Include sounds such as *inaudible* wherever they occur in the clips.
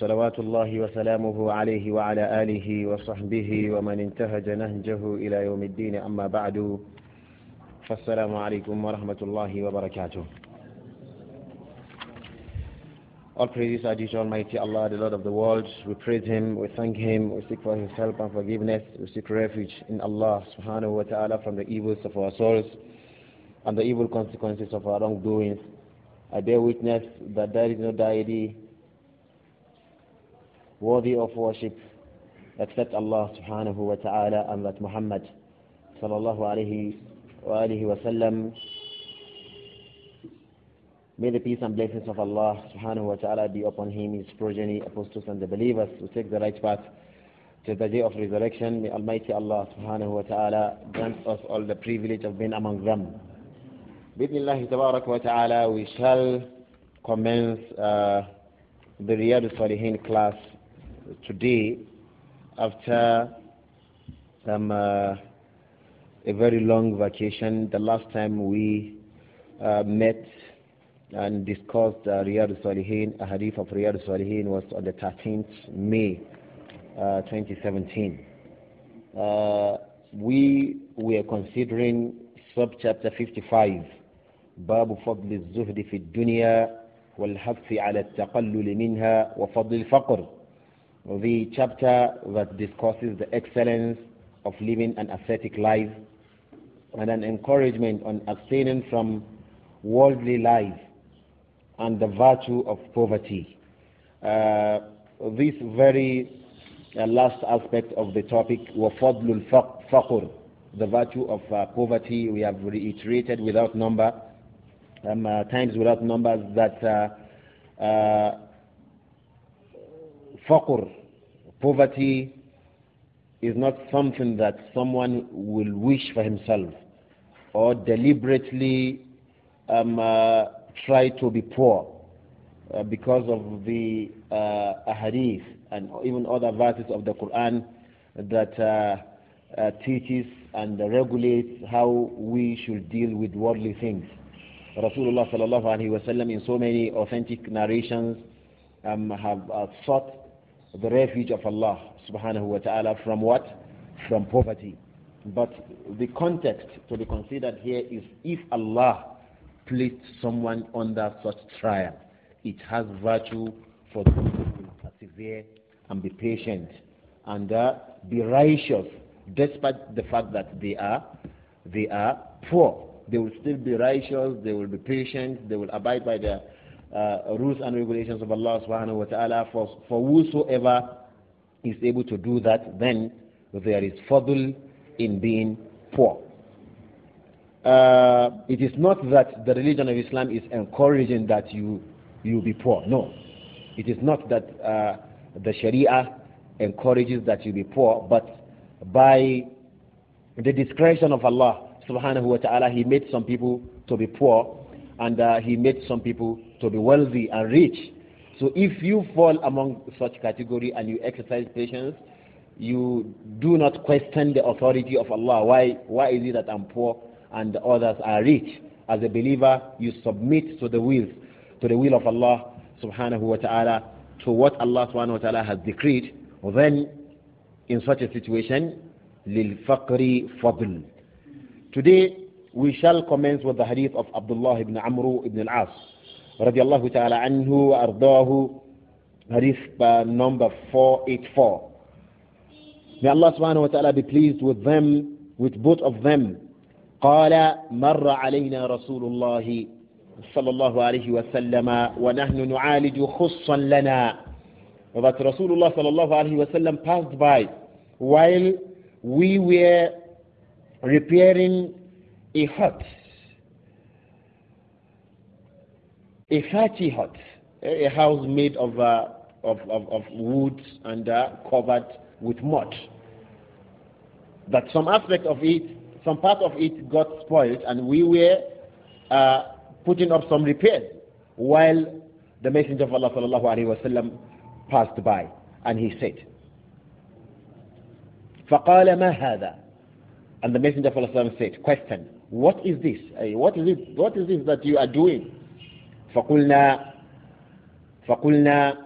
صلوات الله وسلامه عليه وعلى آله وصحبه ومن انتهج نهجه إلى يوم الدين أما بعد فالسلام عليكم ورحمة الله وبركاته All praises are due to Almighty Allah, the Lord of the world. We praise Him, we thank Him, we seek for His help and forgiveness, we seek refuge in Allah subhanahu wa ta'ala from the evils of our souls and the evil consequences of our wrongdoings. I bear witness that there is no deity worthy of worship except Allah subhanahu wa ta'ala and that Muhammad sallallahu alayhi wa wa sallam May the peace and blessings of Allah subhanahu wa ta'ala be upon him, his progeny, apostles and the believers who take the right path to the day of resurrection. May Almighty Allah subhanahu wa ta'ala grant us all the privilege of being among them. Bismillah tabarak wa ta'ala, we shall commence uh, the Riyadh Salihin class today after some uh, a very long vacation. The last time we uh, met and discussed uh, Riyadh Salihin, a hadith of Riyadh Salihin was on the 13th May uh, 2017. Uh, we were considering Sub Chapter 55, باب فضل الزهد في الدنيا والحث على التقلل منها وفضل الفقر the chapter that discusses the excellence of living an ascetic life and an encouragement on abstaining from worldly life and the virtue of poverty. Uh, this very uh, last aspect of the topic, وَفَضْلُ الْفَقْرِ The virtue of uh, poverty, we have reiterated without number, um, uh, times without numbers, that uh, uh Poverty is not something that someone will wish for himself or deliberately um, uh, try to be poor uh, because of the uh, hadith and even other verses of the Quran that uh, uh, teaches and regulates how we should deal with worldly things. Rasulullah sallallahu alaihi wasallam in so many authentic narrations um, have uh, sought the refuge of Allah subhanahu wa ta'ala from what? From poverty. But the context to be considered here is if Allah placed someone under such trial, it has virtue for them to persevere and be patient and uh, be righteous, despite the fact that they are they are poor. They will still be righteous. They will be patient. They will abide by their uh, rules and regulations of Allah subhanahu wa ta'ala for, for whosoever is able to do that then there is fadl in being poor uh, it is not that the religion of Islam is encouraging that you you be poor no it is not that uh, the Sharia encourages that you be poor but by the discretion of Allah subhanahu wa ta'ala he made some people to be poor and uh, he made some people to the wealthy and rich. So if you fall among such category and you exercise patience, you do not question the authority of Allah. Why, why is it that I'm poor and the others are rich? As a believer, you submit to the will, to the will of Allah subhanahu wa ta'ala, to what Allah subhanahu wa ta'ala has decreed. Then, in such a situation, لِلْفَقْرِ فَضْلٍ Today, we shall commence with the hadith of Abdullah ibn Amr ibn al-As radiallahu ta'ala anhu ardahu hadith number 484 may Allah subhanahu wa ta'ala be pleased with them with both of them قال مر علينا رسول الله صلى الله عليه وسلم ونحن نعالج خصا لنا that Rasulullah صلى الله عليه وسلم passed by while we were repairing a hut a thatchy hut, a house made of, uh, of, of, of wood and uh, covered with mud. That some aspect of it, some part of it got spoiled, and we were uh, putting up some repairs while the Messenger of Allah sallallahu passed by, and he said, فقال ما هذا and the Messenger of Allah said, question, what is this? Eh, what is it, what is this that you are doing? فقلنا فقلنا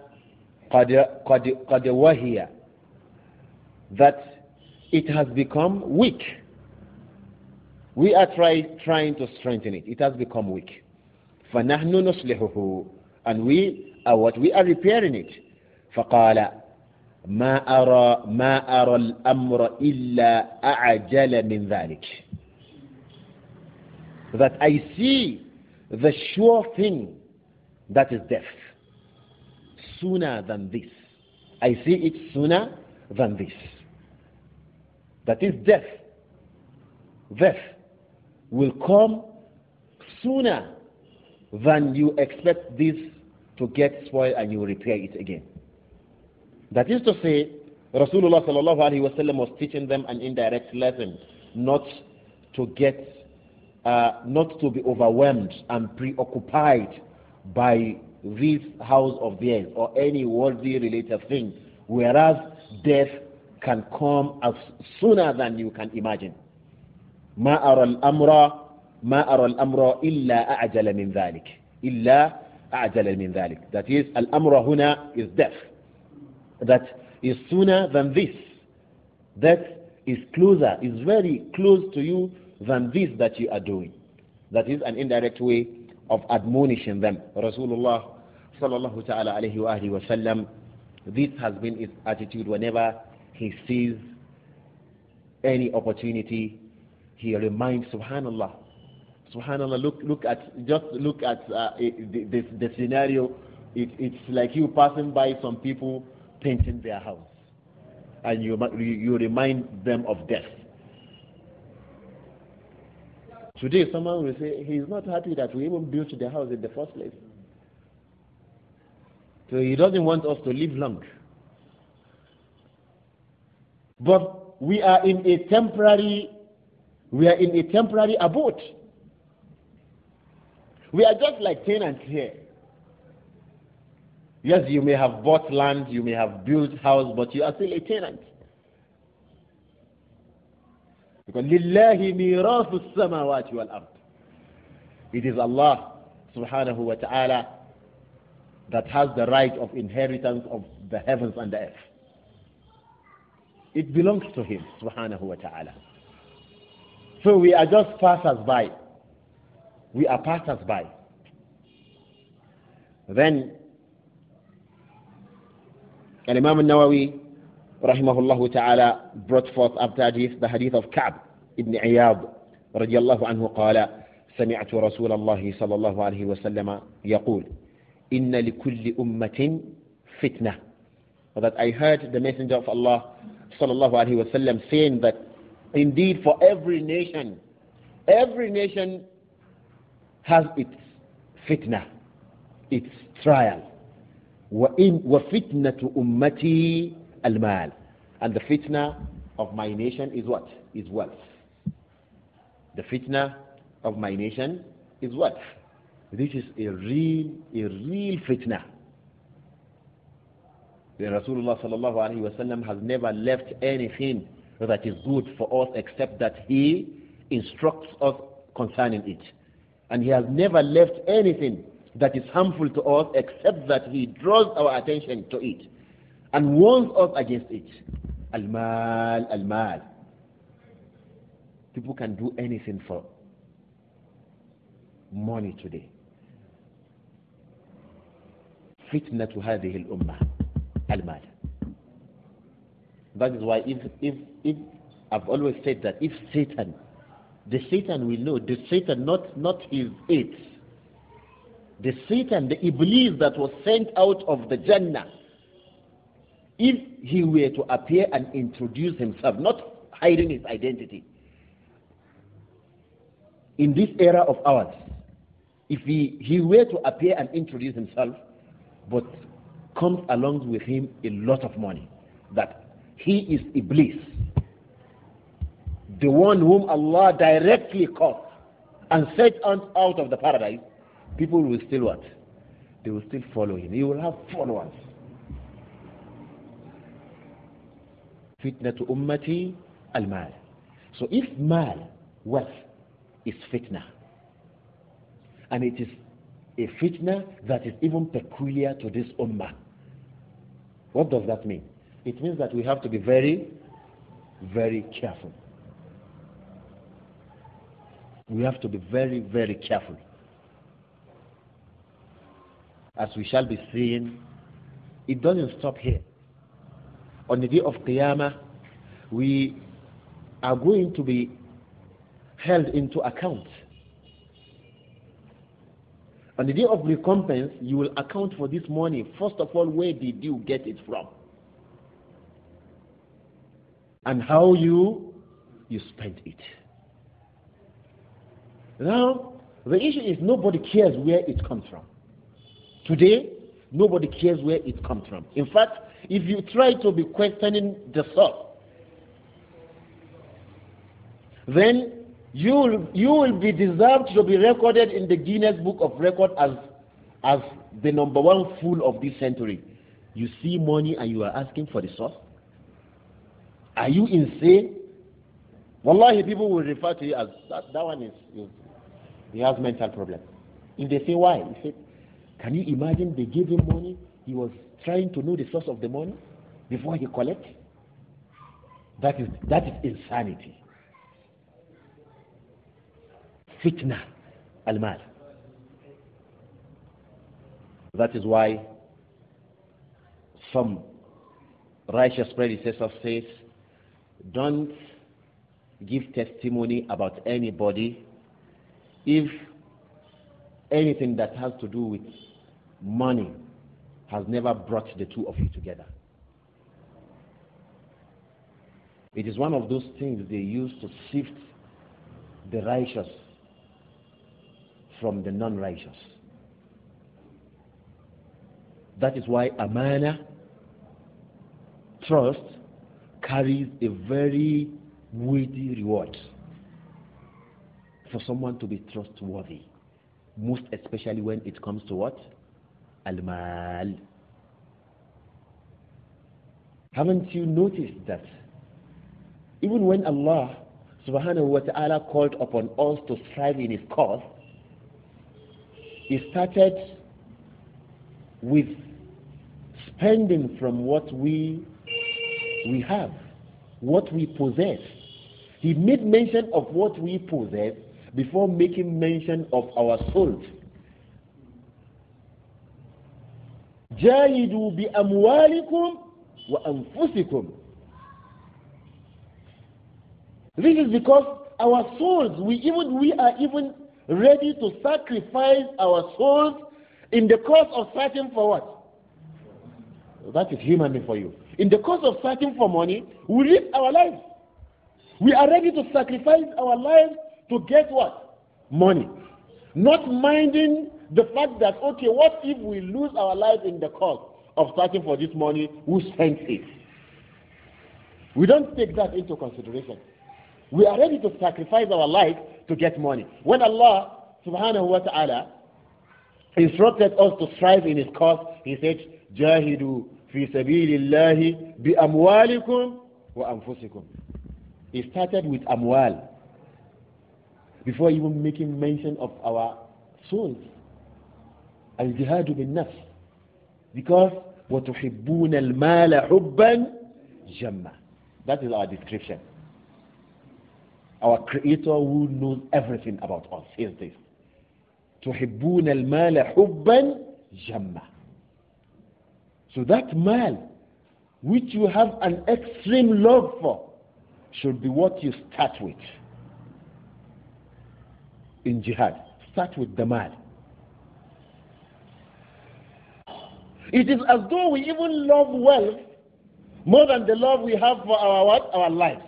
قد قد قد وهي that it has become weak we are try, trying to strengthen it it has become weak فنحن نصلحه and we are what we are repairing it فقال ما أرى ما أرى الأمر إلا أعجل من ذلك that I see the sure thing that is death sooner than this. I see it sooner than this. That is death. Death will come sooner than you expect this to get spoiled and you repair it again. That is to say, Rasulullah was teaching them an indirect lesson, not to get uh, not to be overwhelmed and preoccupied by this house of theirs or any worldly related thing, whereas death can come as sooner than you can imagine. ما أرى الأمر ما أرى الأمر إلا أعجل من ذلك إلا أعجل من ذلك that is الأمر هنا is death that is sooner than this death is closer is very close to you than this that you are doing. That is an indirect way of admonishing them. Rasulullah sallallahu ta'ala alayhi wa alayhi wa sallam, this has been his attitude whenever he sees any opportunity, he reminds subhanallah. Subhanallah, look, look at, just look at uh, the, the, scenario. It, it's like you passing by some people painting their house and you, you remind them of death. Today, someone will say, he's not happy that we even built the house in the first place. So he doesn't want us to live long. But we are in a temporary, we are in a temporary abode. We are just like tenants here. Yes, you may have bought land, you may have built house, but you are still a tenant. It is Allah subhanahu wa ta'ala that has the right of inheritance of the heavens and the earth. It belongs to him subhanahu wa ta'ala. So we are just passers-by. We are passers-by. Then, Al-Imam al-Nawawi رحمه الله تعالى brought forth after hadith the hadith of Ka'b ibn Iyad رضي الله عنه قال سمعت رسول الله صلى الله عليه وسلم يقول إن لكل أمة فتنة that I heard the messenger of Allah صلى الله عليه وسلم saying that indeed for every nation every nation has its فتنة its trial وإن وفتنة أمتي al And the fitna of my nation is what? Is wealth. The fitna of my nation is wealth. This is a real, a real fitna. The Rasulullah sallallahu alaihi wasallam has never left anything that is good for us except that he instructs us concerning it. And he has never left anything that is harmful to us except that he draws our attention to it and warns us against it. Al-mal, al-mal. People can do anything for money today. Fitna to هذه الأمة mal. That is why if, if, if I've always said that if Satan, the Satan will know, the Satan not, not his it, the Satan, the Iblis that was sent out of the Jannah, if he were to appear and introduce himself, not hiding his identity, in this era of ours, if he, he were to appear and introduce himself, but comes along with him a lot of money, that he is Iblis, the one whom Allah directly caught and set out of the paradise, people will still what? They will still follow him. He will have followers. Fitna to ummati al-mal. So if mal, wealth, is fitna, and it is a fitna that is even peculiar to this ummah, what does that mean? It means that we have to be very, very careful. We have to be very, very careful. As we shall be seeing, it doesn't stop here on the day of Qiyamah, we are going to be held into account. On the day of recompense, you will account for this money. First of all, where did you get it from? And how you you spent it. Now, the issue is nobody cares where it comes from. Today, nobody cares where it comes from. In fact, if you try to be questioning the source, then you will, you will be deserved to be recorded in the Guinness Book of Record as, as the number one fool of this century. You see money and you are asking for the source? Are you insane? Wallahi, people will refer to you as that, that one is, is he has mental problem. If they say why, he said, can you imagine they gave him money? He was trying to know the source of the money before he collects? That is, that is insanity. Fitna al-mal. That is why some righteous predecessors say, don't give testimony about anybody if anything that has to do with money has never brought the two of you together. It is one of those things they use to sift the righteous from the non righteous. That is why amana, trust, carries a very weighty reward for someone to be trustworthy, most especially when it comes to what? المال. Haven't you noticed that even when Allah subhanahu wa ta'ala called upon us to strive in His cause, He started with spending from what we, we have, what we possess. He made mention of what we possess before making mention of our souls. jahidu bi amwalikum wa anfusikum. This is because our souls, we even we are even ready to sacrifice our souls in the cause of searching for what? That is human for you. In the cause of searching for money, we risk our lives. We are ready to sacrifice our lives to get what? Money. Not minding The fact that, okay, what if we lose our life in the cause of starting for this money? Who sends it? We don't take that into consideration. We are ready to sacrifice our life to get money. When Allah subhanahu wa ta'ala instructed us to strive in His cause, He said, Jahidu fi sabilillahi bi amwalikum wa anfusikum. He started with amwal before even making mention of our souls. الجهاد بالنفس because وتحبون المال حبا جما that is our description our creator who knows everything about us is this تحبون المال حبا جما so that mal which you have an extreme love for should be what you start with in jihad start with the mal It is as though we even love wealth more than the love we have for our what? Our lives.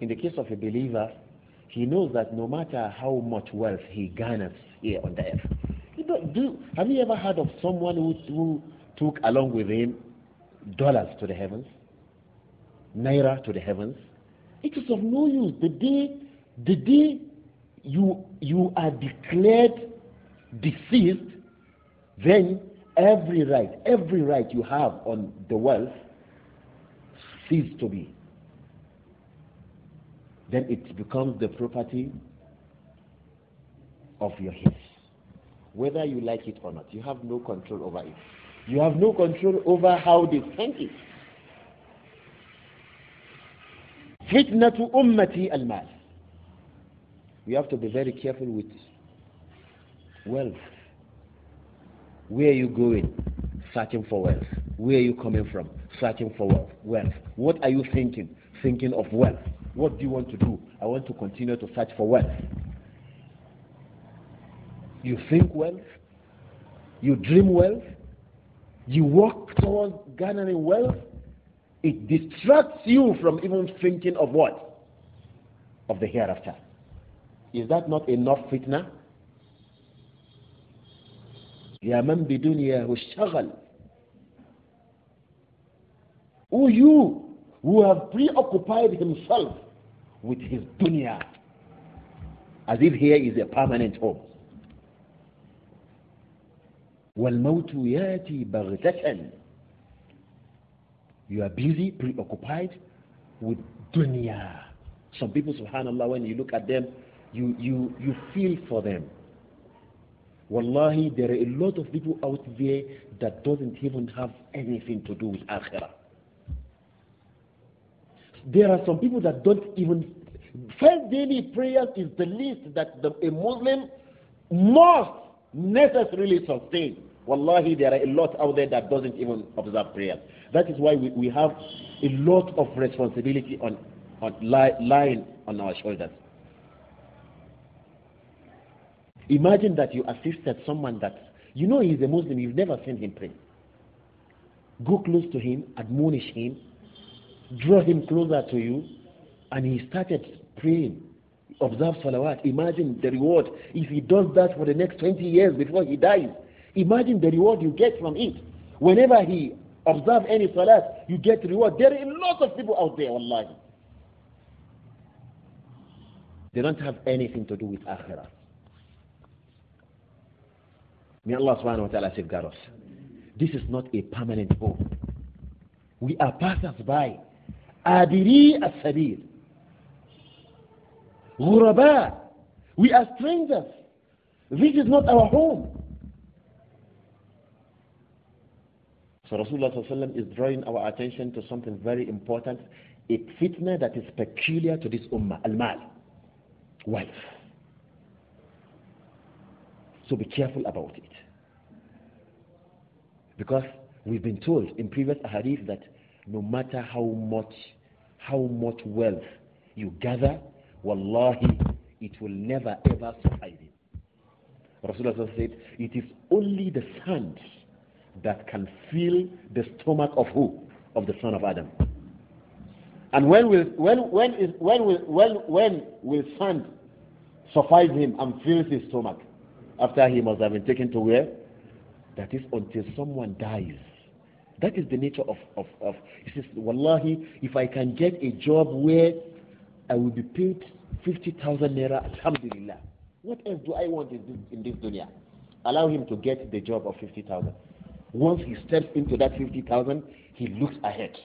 In the case of a believer, he knows that no matter how much wealth he garners here on the earth, you do, have you ever heard of someone who, who took along with him dollars to the heavens, naira to the heavens? It is of no use. The day, the day you, you are declared deceased, then every right, every right you have on the wealth ceases to be. Then it becomes the property of your heirs, Whether you like it or not, you have no control over it. You have no control over how they spend it. Fitnatu ummati al-mal. We have to be very careful with Wealth. Where are you going? Searching for wealth. Where are you coming from? Searching for wealth. Wealth. What are you thinking? Thinking of wealth. What do you want to do? I want to continue to search for wealth. You think wealth. You dream wealth. You work towards garnering wealth. It distracts you from even thinking of what? Of the hereafter. Is that not enough fitna? يا من بدنياه الشغل who you who have preoccupied himself with his dunya as if here is a permanent home والموت ياتي بغتة you are busy preoccupied with dunya some people subhanallah when you look at them you you you feel for them Wallahi, there are a lot of people out there that doesn't even have anything to do with akhirah. There are some people that don't even first daily prayers is the least that the, a Muslim must necessarily sustain. Wallahi, there are a lot out there that doesn't even observe prayers. That is why we, we have a lot of responsibility on, on lying on our shoulders. Imagine that you assisted someone that you know he's a Muslim, you've never seen him pray. Go close to him, admonish him, draw him closer to you, and he started praying. Observe salawat. Imagine the reward if he does that for the next 20 years before he dies. Imagine the reward you get from it. Whenever he observes any salat, you get reward. There are lots of people out there, online. They don't have anything to do with akhirah. May Allah subhanahu wa ta'ala safeguard us. This is not a permanent home. We are passers by. Adiri as-sabil. Ghuraba. We are strangers. This is not our home. So Rasulullah is drawing our attention to something very important. A fitna that is peculiar to this ummah, al-mal, wife. So be careful about it. Because we've been told in previous hadith that no matter how much, how much wealth you gather, wallahi, it will never ever suffice it. Rasulullah said, it is only the sand that can fill the stomach of who? Of the son of Adam. And when will, when, when, is, when, will, when, when will sand suffice him and fill his stomach? After he must have been taken to where? That is until someone dies. That is the nature of, of, of he says, Wallahi, if I can get a job where I will be paid 50,000 naira, alhamdulillah. What else do I want in this, in this dunya? Allow him to get the job of 50,000. Once he steps into that 50,000, he looks ahead.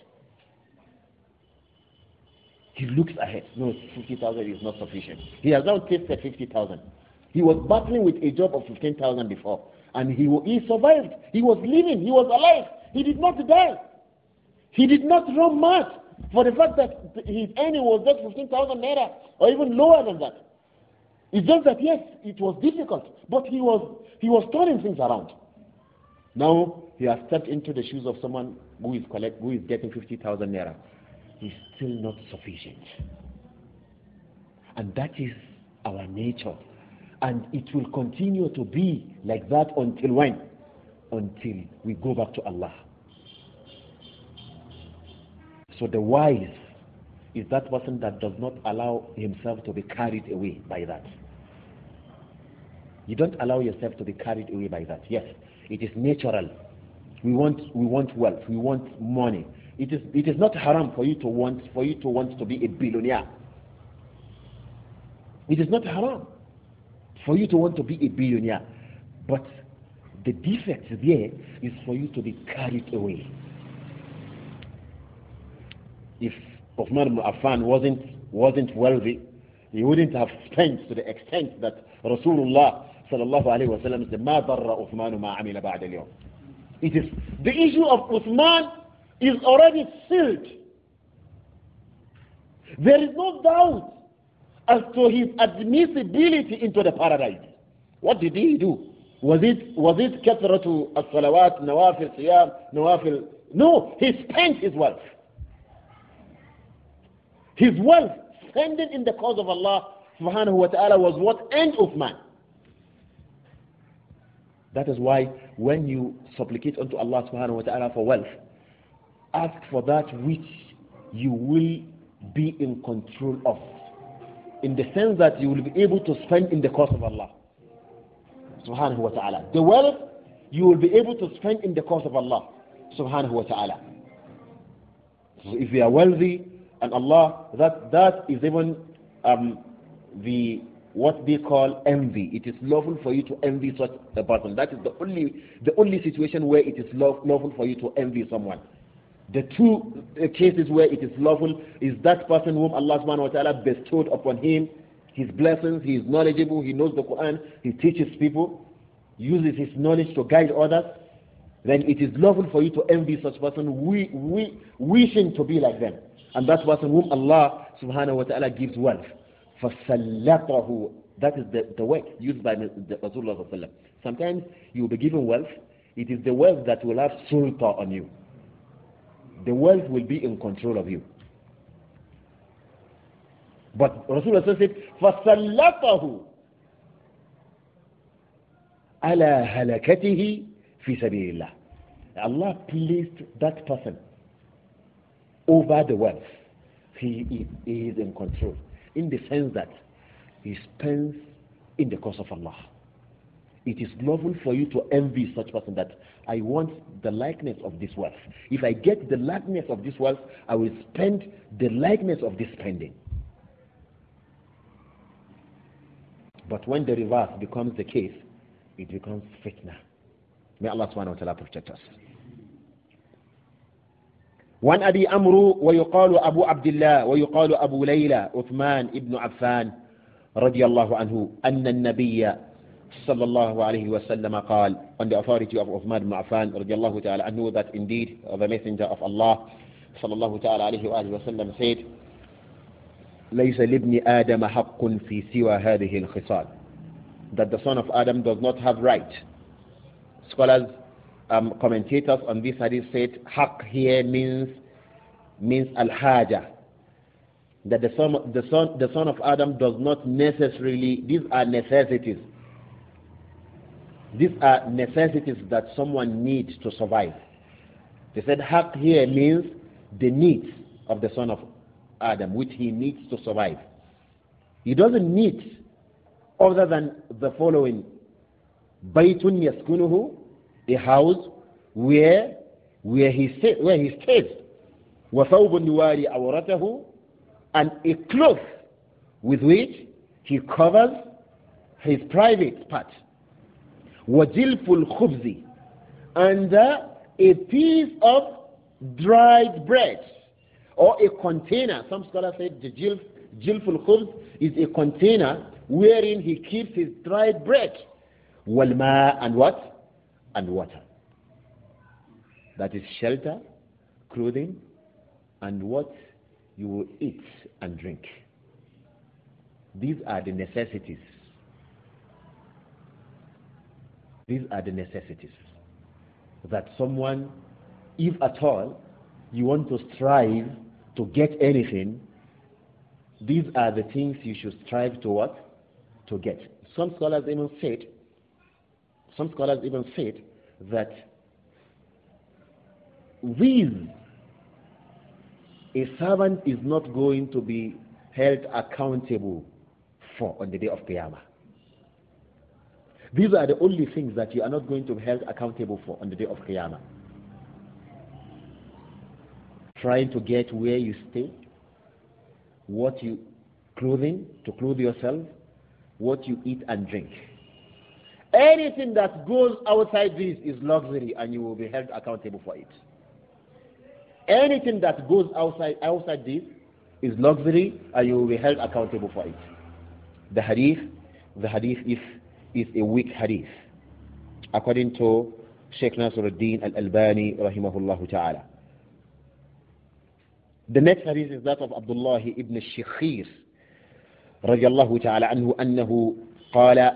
He looks ahead. No, 50,000 is not sufficient. He has now tasted 50,000. He was battling with a job of 15,000 before. And he, he survived. He was living. He was alive. He did not die. He did not run mad for the fact that his earning was just 15,000 naira or even lower than that. It's just that, yes, it was difficult, but he was, he was turning things around. Now he has stepped into the shoes of someone who is, collect, who is getting 50,000 naira. It's still not sufficient. And that is our nature and it will continue to be like that until when? Until we go back to Allah. So the wise is that person that does not allow himself to be carried away by that. You don't allow yourself to be carried away by that. Yes, it is natural. We want, we want wealth. We want money. It is, it is not haram for you to want, for you to want to be a billionaire. It is not haram for you to want to be a billionaire. But the defect there is for you to be carried away. If Uthman Affan wasn't, wasn't wealthy, he wouldn't have spent to the extent that Rasulullah sallallahu alayhi wa sallam said, مَا ضَرَّ عُثْمَانُ مَا عَمِلَ بَعْدَ الْيَوْمِ It is, the issue of Uthman is already sealed. There is no doubt as to his admissibility into the paradise. What did he do? Was it was it كثرة الصلوات نوافل صيام نوافل No, he spent his wealth. His wealth spent in the cause of Allah subhanahu wa ta'ala was what end of man. That is why when you supplicate unto Allah subhanahu wa ta'ala for wealth, ask for that which you will be in control of in the sense that you will be able to spend in the cause of Allah. Subhanahu wa ta'ala. The wealth you will be able to spend in the cause of Allah. Subhanahu wa ta'ala. So if you are wealthy and Allah, that, that is even um, the what they call envy. It is lawful for you to envy such a person. That is the only, the only situation where it is lawful for you to envy someone. The two cases where it is lawful is that person whom Allah subhanahu wa ta'ala bestowed upon him his blessings, he is knowledgeable, he knows the Quran, he teaches people, uses his knowledge to guide others, then it is lawful for you to envy such person, we, we, wishing to be like them. And that person whom Allah subhanahu wa ta'ala gives wealth. فَسَلَّطَهُ That is the, the word used by the Rasulullah Sometimes you will be given wealth, it is the wealth that will have sulta on you the wealth will be in control of you. But Rasulullah said, فَسَلَّطَهُ عَلَى هَلَكَتِهِ فِي سَبِيلِ اللَّهِ Allah placed that person over the wealth. He, he is in control in the sense that he spends in the cause of Allah it is lawful for you to envy such person that I want the likeness of this wealth. If I get the likeness of this wealth, I will spend the likeness of this spending. But when the reverse becomes the case, it becomes fitna. May Allah subhanahu wa ta'ala protect us. وعن أبي أمرو ويقال أبو عبد الله ويقال أبو ليلى عثمان ابن عفان رضي الله عنه أن النبي صلى الله عليه وسلم قال on the authority of Uthman ibn Affan رضي الله تعالى عنه that indeed the messenger of Allah صلى الله تعالى عليه وآله وسلم said ليس لابن آدم حق في سوى هذه الخصال that the son of Adam does not have right scholars um, commentators on this hadith said haq here means means al that the son, the, son, the son of Adam does not necessarily, these are necessities. These are necessities that someone needs to survive. They said haq here means the needs of the son of Adam, which he needs to survive. He doesn't need other than the following baitun Yaskunuhu, a house where where he where he stays. وَثَوْبٌ يُوَارِي and a cloth with which he covers his private part wajilful khubzi, and uh, a piece of dried bread, or a container. Some scholars said the jilf, jilful khubz is a container wherein he keeps his dried bread. Walma and what? And water. That is shelter, clothing, and what you will eat and drink. These are the necessities These are the necessities that someone, if at all, you want to strive to get anything, these are the things you should strive to what? To get. Some scholars even said, some scholars even said that with a servant is not going to be held accountable for on the day of Qiyamah. These are the only things that you are not going to be held accountable for on the day of Qiyamah. Trying to get where you stay, what you clothing to clothe yourself, what you eat and drink. Anything that goes outside this is luxury and you will be held accountable for it. Anything that goes outside outside this is luxury and you will be held accountable for it. The hadith, the hadith is is a weak hadith according to Sheikh Nasruddin al-Albani rahimahullah ta'ala the next hadith is that of Abdullah ibn al Shikhir رضي الله تعالى عنه أنه قال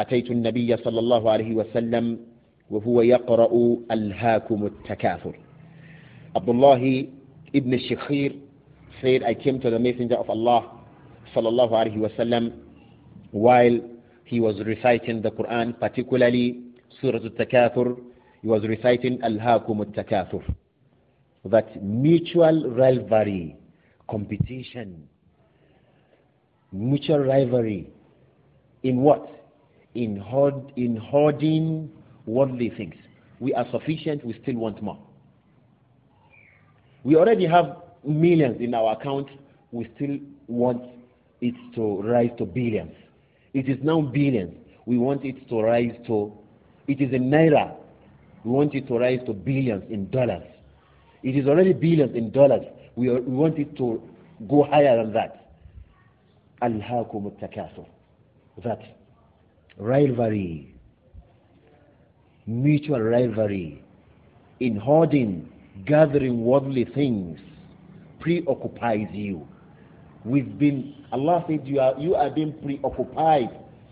أتيت النبي صلى الله عليه وسلم وهو يقرأ ألهاكم التكاثر عبد الله ابن الشخير said I came to the messenger of Allah صلى الله عليه وسلم while he was reciting the Quran, particularly Surah Al-Takathur, he was reciting Al-Hakum Al-Takathur. That mutual rivalry, competition, mutual rivalry in what? In, hoard, in hoarding worldly things. We are sufficient, we still want more. We already have millions in our account, we still want it to rise to billions. It is now billions. We want it to rise to, it is a naira. We want it to rise to billions in dollars. It is already billions in dollars. We, are, we want it to go higher than that. Alhaakum That rivalry, mutual rivalry, in hoarding, gathering worldly things, preoccupies you. We've been, Allah said, you are, you are being preoccupied.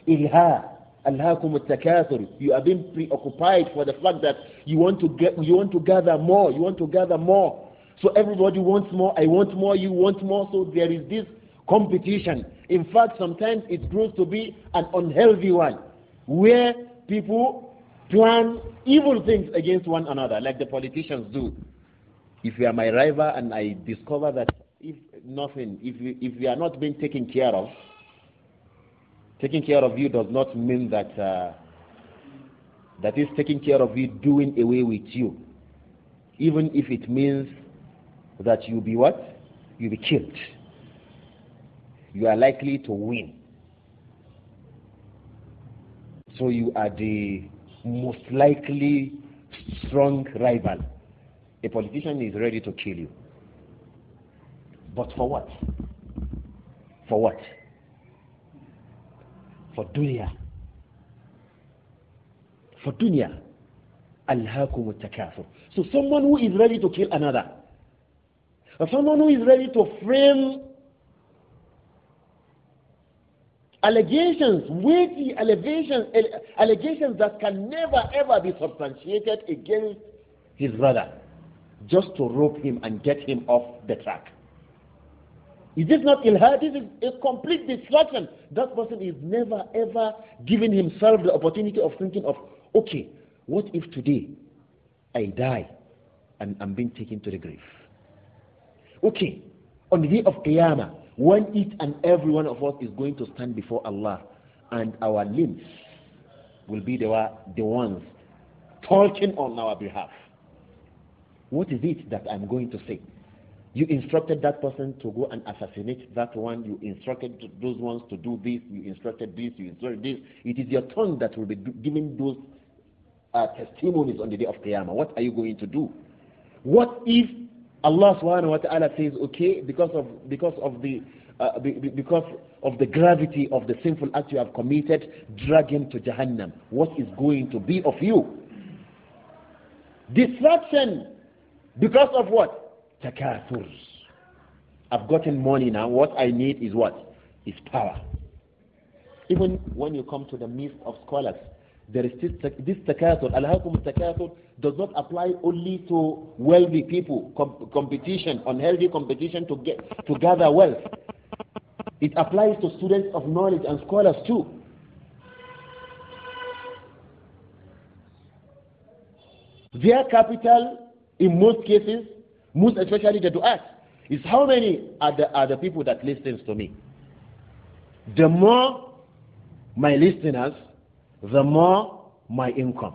Ilha, alhaakum takathur. You are being preoccupied for the fact that you want to get, you want to gather more, you want to gather more. So everybody wants more, I want more, you want more. So there is this competition. In fact, sometimes it grows to be an unhealthy one, where people plan evil things against one another, like the politicians do. If you are my rival and I discover that if nothing, if you, if you are not being taken care of, taking care of you does not mean that uh, that is taking care of you doing away with you, even if it means that you be what, you be killed. You are likely to win. So you are the most likely strong rival. A politician is ready to kill you. But for what? For what? For dunya. For dunya. Alhaakum takathur. So someone who is ready to kill another, or someone who is ready to frame allegations, weighty allegations, allegations that can never ever be substantiated against his brother, just to rope him and get him off the track. Is this not ilhad? This is a complete distraction. That person is never ever giving himself the opportunity of thinking of, okay, what if today I die and I'm being taken to the grave? Okay, on the day of Qiyamah, when each and every one of us is going to stand before Allah and our limbs will be the, the ones talking on our behalf. What is it that I'm going to say? You instructed that person to go and assassinate that one. You instructed those ones to do this. You instructed this. You instructed this. It is your tongue that will be giving those uh, testimonies on the day of Qiyamah. What are you going to do? What if Allah subhanahu wa ta'ala says, okay, because of, because of the uh, because of the gravity of the sinful act you have committed, drag him to Jahannam. What is going to be of you? Destruction because of what? Takathur. I've gotten money now. What I need is what? Is power. Even when you come to the midst of scholars, there is this takathur. al takathur does not apply only to wealthy people, com competition, unhealthy competition to, get, to gather wealth. It applies to students of knowledge and scholars too. Their capital, in most cases, most especially the du'at, is how many are the, are the people that listens to me. The more my listeners, the more my income.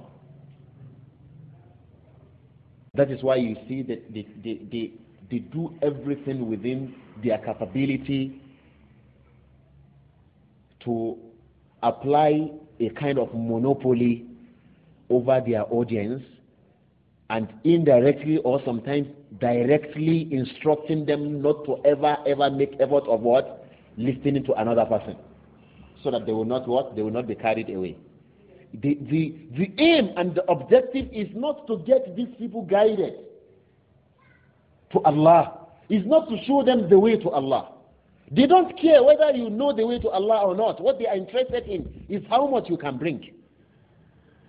That is why you see that they, they, they, they do everything within their capability to apply a kind of monopoly over their audience and indirectly or sometimes directly instructing them not to ever, ever make effort of what? Listening to another person. So that they will not what? They will not be carried away. The, the, the aim and the objective is not to get these people guided to Allah. It's not to show them the way to Allah. They don't care whether you know the way to Allah or not. What they are interested in is how much you can bring.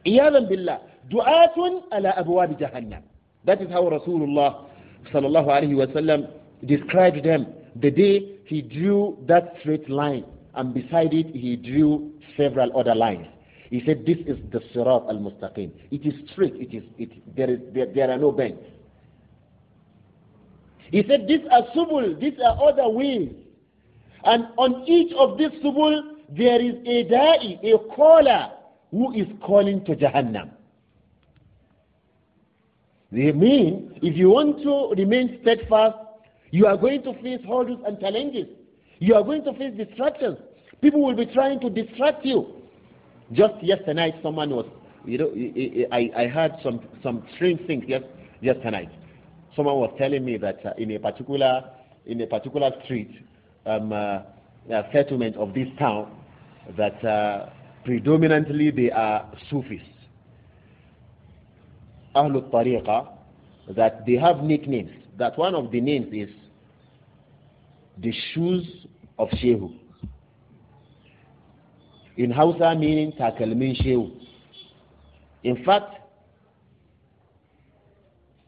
Iyadan billah. Du'atun ala abwab jahannam. That is how Rasulullah sallallahu alaihi wasallam described them the day he drew that straight line and beside it he drew several other lines he said this is the sirat al-mustaqim it is straight it is it there is there, there are no bends he said these are subul these are other ways and on each of these subul there is a da'i a caller who is calling to jahannam they mean if you want to remain steadfast, you are going to face hurdles and challenges. You are going to face distractions. People will be trying to distract you. Just yesterday night, someone was, you know, I, I heard some, some strange things just yesterday night. Someone was telling me that uh, in a particular in a particular street, um, uh, settlement of this town, that uh, predominantly they are Sufis. Ahlul Tariqah that they have nicknames. That one of the names is the shoes of Shehu. In Hausa meaning Takalmin Shehu. In fact,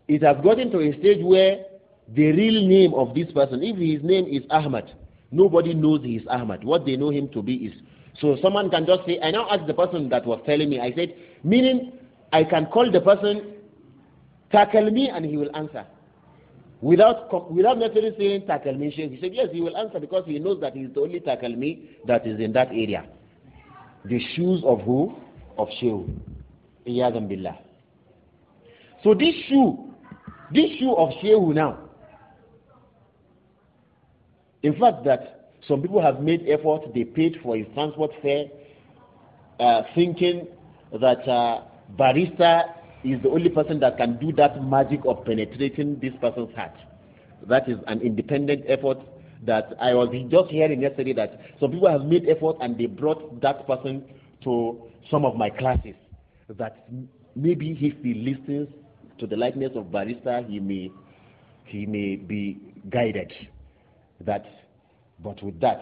it has gotten to a stage where the real name of this person, if his name is Ahmad, nobody knows he is Ahmad. What they know him to be is. So someone can just say, I now asked the person that was telling me, I said, meaning I can call the person, tackle me, and he will answer. Without, without necessarily saying tackle me, he said, yes, he will answer because he knows that he is the only tackle me that is in that area. The shoes of who? Of Shehu. Iyadam Billah. So this shoe, this shoe of Shehu now, in fact that some people have made effort, they paid for his transport fare, uh, thinking that uh, barista is the only person that can do that magic of penetrating this person's heart. That is an independent effort that I was just hearing yesterday that some people have made effort and they brought that person to some of my classes. That maybe if he listens to the likeness of barista, he may he may be guided. That, but with that,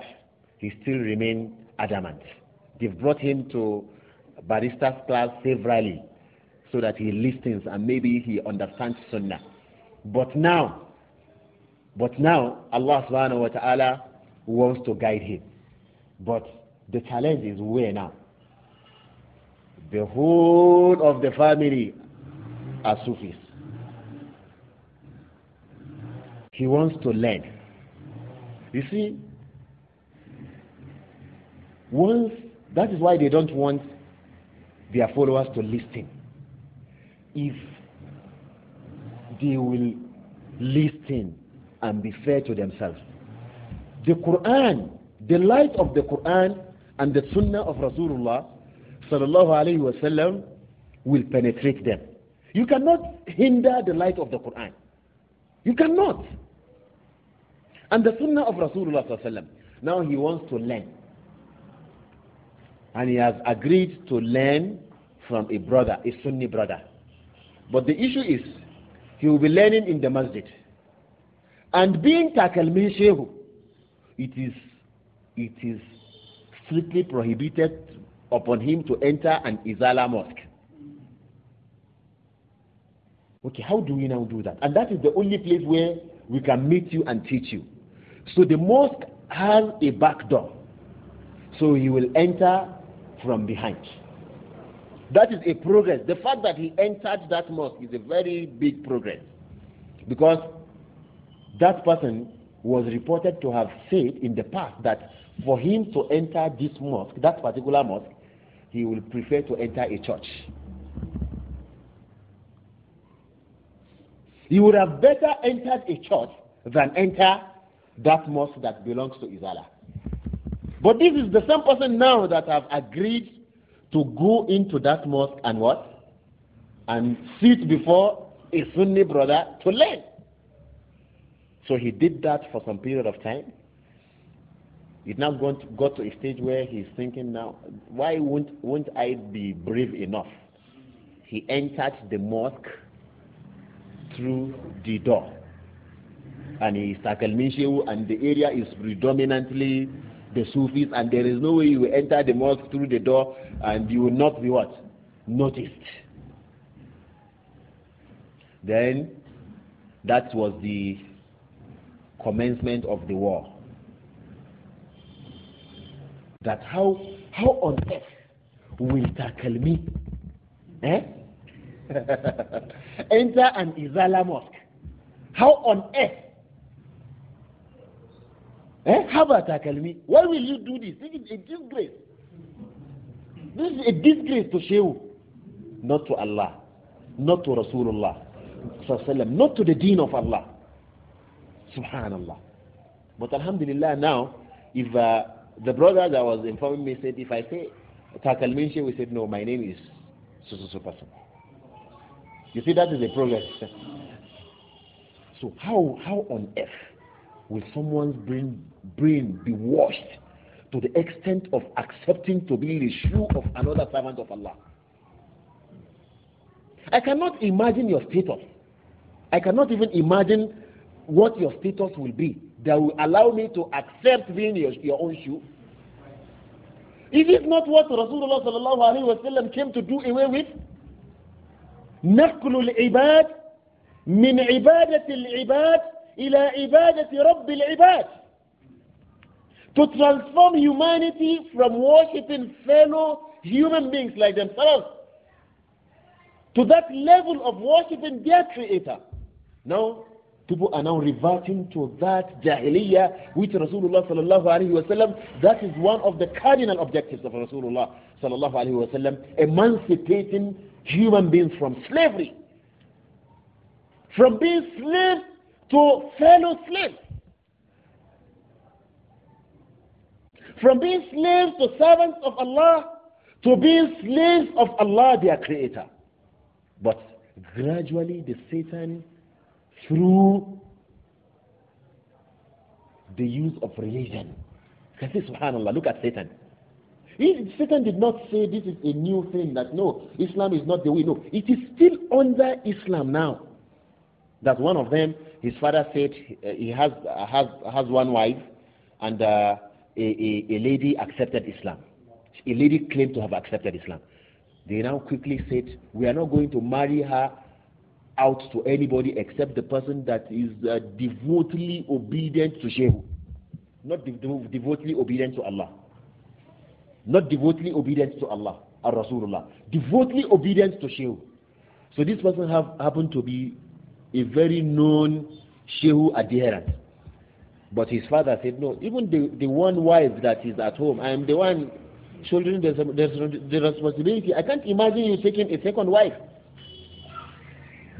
he still remain adamant. They've brought him to barista's class severally so that he listens and maybe he understands sunnah. But now, but now Allah subhanahu wa ta'ala wants to guide him. But the challenge is where now? The whole of the family are Sufis. He wants to learn. You see, once that is why they don't want their followers to listen. If they will listen and be fair to themselves. The Quran, the light of the Quran and the Sunnah of Rasulullah sallallahu alayhi wasallam will penetrate them. You cannot hinder the light of the Quran. You cannot. And the Sunnah of Rasulullah sallallahu alayhi wasallam. Now he wants to learn and he has agreed to learn from a brother, a Sunni brother. But the issue is, he will be learning in the masjid. And being takalmi shehu, it is, it is strictly prohibited upon him to enter an Izala mosque. Okay, how do we now do that? And that is the only place where we can meet you and teach you. So the mosque has a back door. So he will enter from behind. That is a progress. The fact that he entered that mosque is a very big progress because that person was reported to have said in the past that for him to enter this mosque, that particular mosque, he will prefer to enter a church. He would have better entered a church than enter that mosque that belongs to Isala. But this is the same person now that have agreed to go into that mosque and what? And sit before a Sunni brother to learn. So he did that for some period of time. He's now going to, got to a stage where he's thinking now, why won't, won't I be brave enough? He entered the mosque through the door. And he is Takalmishewu, and the area is predominantly the Sufis, and there is no way you will enter the mosque through the door and you will not be what? Noticed. Then that was the commencement of the war. That how how on earth will me? eh? *laughs* enter an Izala mosque? How on earth eh haba takalmi why will you do this this is a disgrace this is a disgrace to shehu not to Allah not to Rasulullah not to the deen of Allah subhanallah but alhamdulillah now if uh, the brother that was informing me said if I say takalmi shehu said no my name is so so so person you see that is a progress so how how on earth will someone's brain, brain be washed to the extent of accepting to be the shoe of another servant of Allah? I cannot imagine your status. I cannot even imagine what your status will be that will allow me to accept being your, your own shoe. Is it not what Rasulullah came to do away with? نقل العباد من عبادة العباد إلى عبادة رب العباد to transform humanity from worshipping fellow human beings like themselves to that level of worshipping their creator. Now, people are now reverting to that jahiliyyah which Rasulullah sallallahu alaihi wasallam, that is one of the cardinal objectives of Rasulullah sallallahu alaihi wasallam, emancipating human beings from slavery. From being slaves to fellow slaves. From being slaves to servants of Allah to being slaves of Allah, their creator. But gradually, the Satan, through the use of religion, can say, subhanAllah, look at Satan. Satan did not say this is a new thing, that no, Islam is not the way. No, it is still under Islam now. That's one of them his father said uh, he has, uh, has, has one wife, and uh, a, a, a lady accepted Islam. A lady claimed to have accepted Islam. They now quickly said, We are not going to marry her out to anybody except the person that is uh, devotedly obedient to Shehu. Not de- devotedly obedient to Allah. Not devotedly obedient to Allah, Rasulullah. Devotedly obedient to Shehu. So this person have, happened to be a very known Shehu adherent. But his father said, No, even the, the one wife that is at home, I am the one shouldering the, the, the responsibility. I can't imagine you taking a second wife.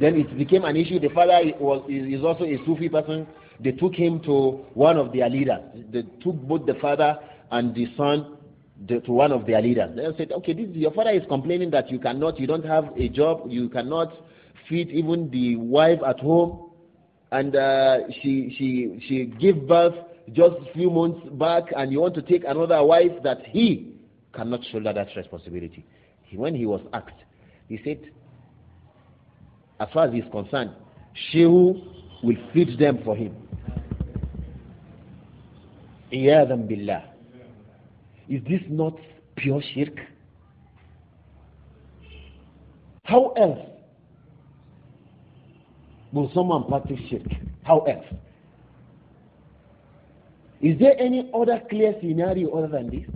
Then it became an issue. The father was, is also a Sufi person. They took him to one of their leaders. They took both the father and the son to one of their leaders. They said, Okay, this, your father is complaining that you cannot, you don't have a job, you cannot feed even the wife at home, and uh, she she she gave birth just a few months back, and you want to take another wife that he cannot shoulder that responsibility. He, when he was asked, he said, as far as he's concerned, Shehu will feed them for him. billah. Is this not pure shirk? How else Will someone practice shirk? How else? Is there any other clear scenario other than this?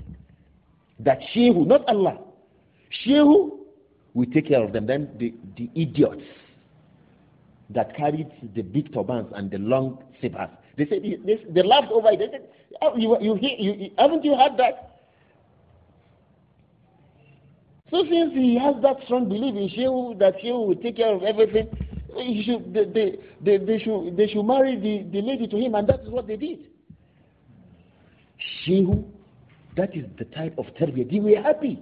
That Shehu, not Allah, Shehu will take care of them. Then the, the idiots that carried the big turbans and the long sabers. they said they, they laughed over it. They said, oh, you, you, you, haven't you heard that? So since he has that strong belief in Shehu that Shehu will take care of everything, he should, they, they, they, should, they should marry the, the lady to him, and that is what they did. Shehu, that is the type of tarbiyah. They were happy.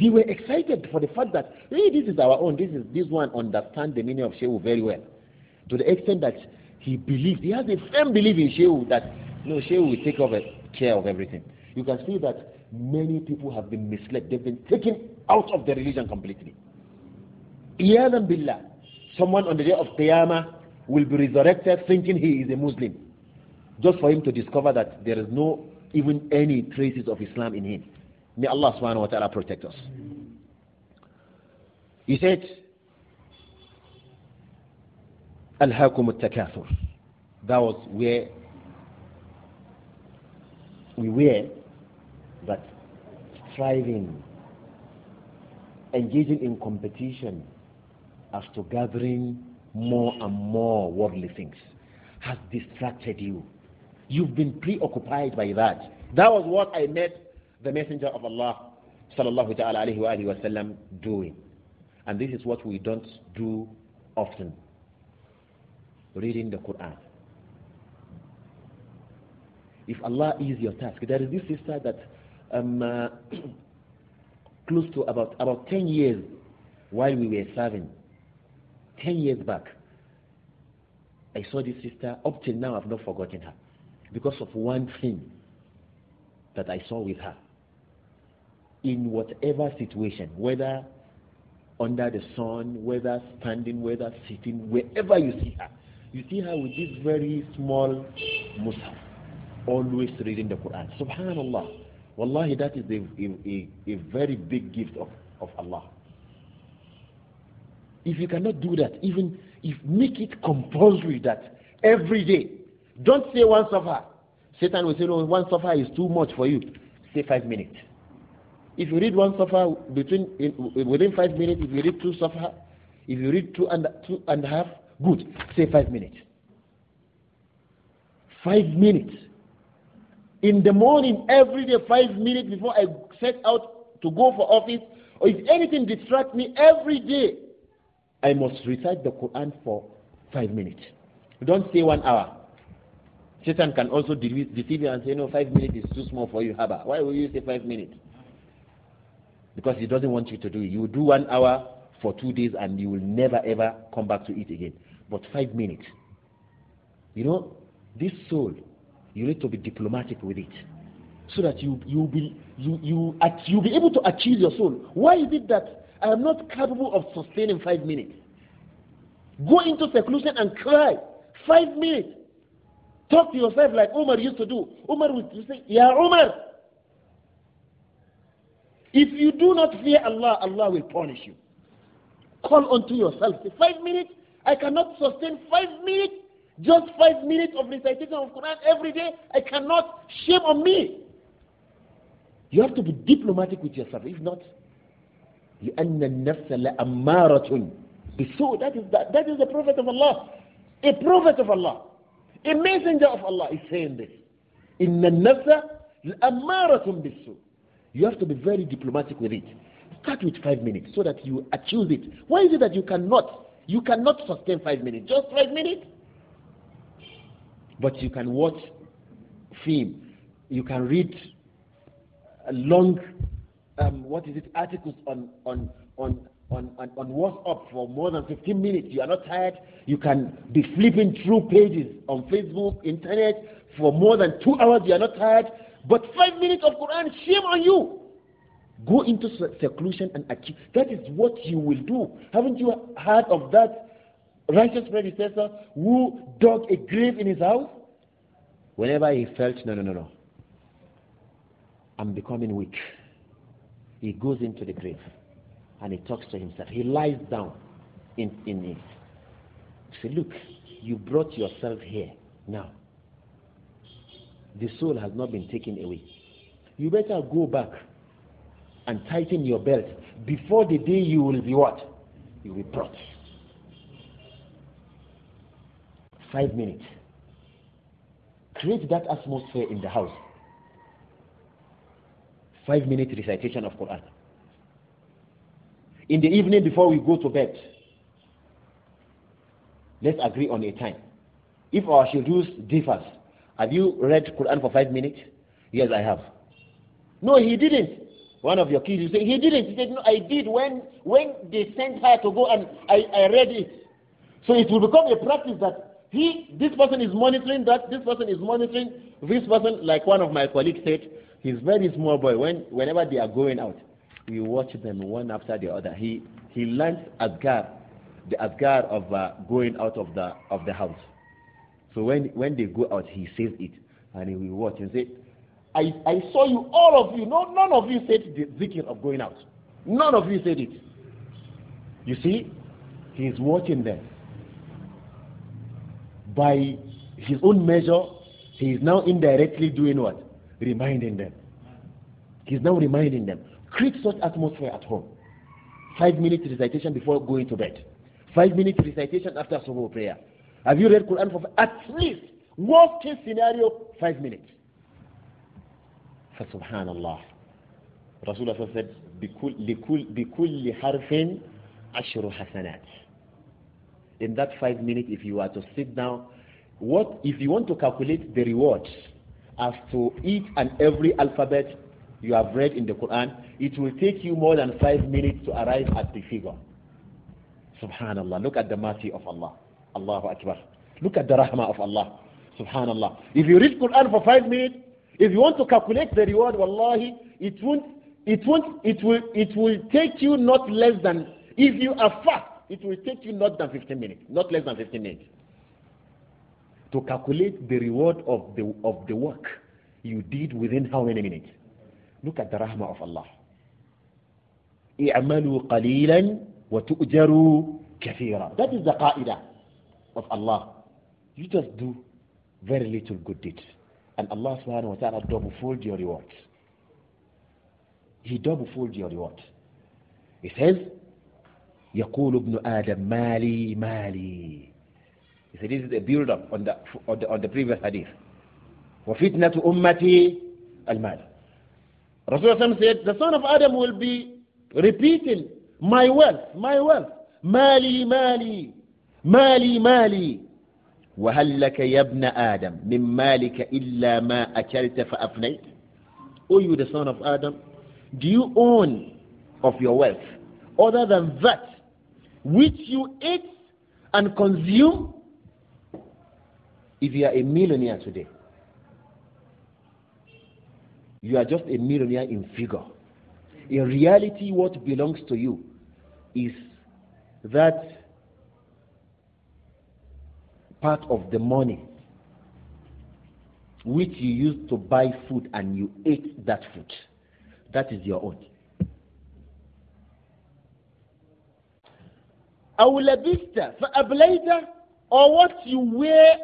They were excited for the fact that, hey, this is our own. This, is, this one understands the meaning of Shehu very well. To the extent that he believes, he has a firm belief in Shehu that, no, Shehu will take over care of everything. You can see that many people have been misled. They've been taken out of the religion completely. Iyadan billah someone on the day of Qiyamah will be resurrected thinking he is a Muslim, just for him to discover that there is no even any traces of Islam in him. May Allah subhanahu wa ta'ala protect us. He said, "Al-hakum al-takathur. That was where we were that striving, engaging in competition, as to gathering more and more worldly things has distracted you. You've been preoccupied by that. That was what I met the Messenger of Allah sallallahu alayhi wa sallam, doing. And this is what we don't do often. Reading the Quran. If Allah is your task, there is this sister that um, uh, *coughs* close to about, about 10 years while we were serving, 10 years back, I saw this sister. Up till now, I've not forgotten her because of one thing that I saw with her. In whatever situation, whether under the sun, whether standing, whether sitting, wherever you see her, you see her with this very small musaf, always reading the Quran. Subhanallah. Wallahi, that is a, a, a, very big gift of, of Allah. If you cannot do that, even if make it compulsory that every day, don't say one suffer. Satan will say, no, one suffer is too much for you. Say five minutes. If you read one suffer between in, within five minutes, if you read two suffer, if you read two and two and a half, good. Say five minutes. Five minutes. In the morning, every day, five minutes before I set out to go for office, or if anything distracts me, every day I must recite the Quran for five minutes. Don't say one hour. Satan can also deceive you and say, no, five minutes is too small for you, Haba. Why will you say five minutes? Because he doesn't want you to do it. You do one hour for two days and you will never ever come back to it again. But five minutes. You know, this soul, you need to be diplomatic with it. So that you you be you you you'll be able to achieve your soul. Why is it that I am not capable of sustaining five minutes. Go into seclusion and cry. Five minutes. Talk to yourself like Omar used to do. Omar would say, Ya Omar. If you do not fear Allah, Allah will punish you. Call unto yourself. Say, five minutes. I cannot sustain five minutes. Just five minutes of recitation of Quran every day. I cannot. Shame on me. You have to be diplomatic with yourself. If not, لأن النفس لأمارة thats that is, that, that is the Prophet of Allah a Prophet of Allah a messenger of Allah is saying this إن النفس لأمارة بالسوء you have to be very diplomatic with it start with five minutes so that you achieve it why is it that you cannot you cannot sustain five minutes just five minutes but you can watch film you can read a long um, what is it, articles on, on, on, on, on, on WhatsApp for more than 15 minutes. You are not tired. You can be flipping through pages on Facebook, internet for more than two hours. You are not tired. But five minutes of Quran, shame on you. Go into seclusion and achieve. That is what you will do. Haven't you heard of that righteous predecessor who dug a grave in his house? Whenever he felt, no, no, no, no. I'm becoming weak he goes into the grave and he talks to himself. He lies down in, in it. He says, Look, you brought yourself here now. The soul has not been taken away. You better go back and tighten your belt before the day you will be what? You will be brought. Five minutes. Create that atmosphere in the house five minute recitation of Quran. In the evening before we go to bed, let's agree on a time. If our schedules differs, have you read Quran for five minutes? Yes, I have. No, he didn't. One of your kids, you say, he didn't. He said, no, I did when, when they sent her to go and I, I read it. So it will become a practice that he, this person is monitoring that, this person is monitoring, this person, like one of my colleagues said, He's very small boy. When, whenever they are going out, we watch them one after the other. He, he learns Azkar, the Azkar of uh, going out of the, of the house. So when, when they go out, he says it. And he will watch and say, I, I saw you, all of you. No, none of you said the zikr of going out. None of you said it. You see, he is watching them. By his own measure, he is now indirectly doing what? reminding them. He's now reminding them. Create such atmosphere at home. Five minute recitation before going to bed. Five minute recitation after Subh prayer. Have you read Quran for at least worst case scenario five minutes? Subhanallah. Rasulullah said, "Bikul harfin ashru hasanat." In that five minutes, if you are to sit down, what if you want to calculate the rewards as to each and every alphabet you have read in the Quran, it will take you more than five minutes to arrive at the figure. Subhanallah. Look at the mercy of Allah. Allahu Akbar. Look at the rahmah of Allah. Subhanallah. If you read Quran for five minutes, if you want to calculate the reward, wallahi, it won't, it won't, it will, it will take you not less than, if you are fast, it will take you not than 15 minutes, not less than 15 minutes to calculate the reward of the, of the work you did within how many minutes? Look at the rahmah of Allah. اعملوا قليلا وتؤجروا كثيرا. That is the qaida of Allah. You just do very little good deeds. And Allah subhanahu wa ta'ala double fold your rewards. He double fold your rewards. He says, يقول ابن آدم مالي مالي he said this is a build-up on the, on the, on the previous hadith. وَفِتْنَةُ أُمَّتِي الْمَالِ Rasulullah said, the son of Adam will be repeating, my wealth, my wealth, مالي مالي مالي مالي وهل لك يا ابن آدم من مالك إلا ما أكلت فأفنيت O you the son of Adam, do you own of your wealth other than that which you eat and consume if you are a millionaire today, you are just a millionaire in figure. In reality, what belongs to you is that part of the money which you used to buy food and you ate that food. That is your own. أو لبست فأبليت or what you wear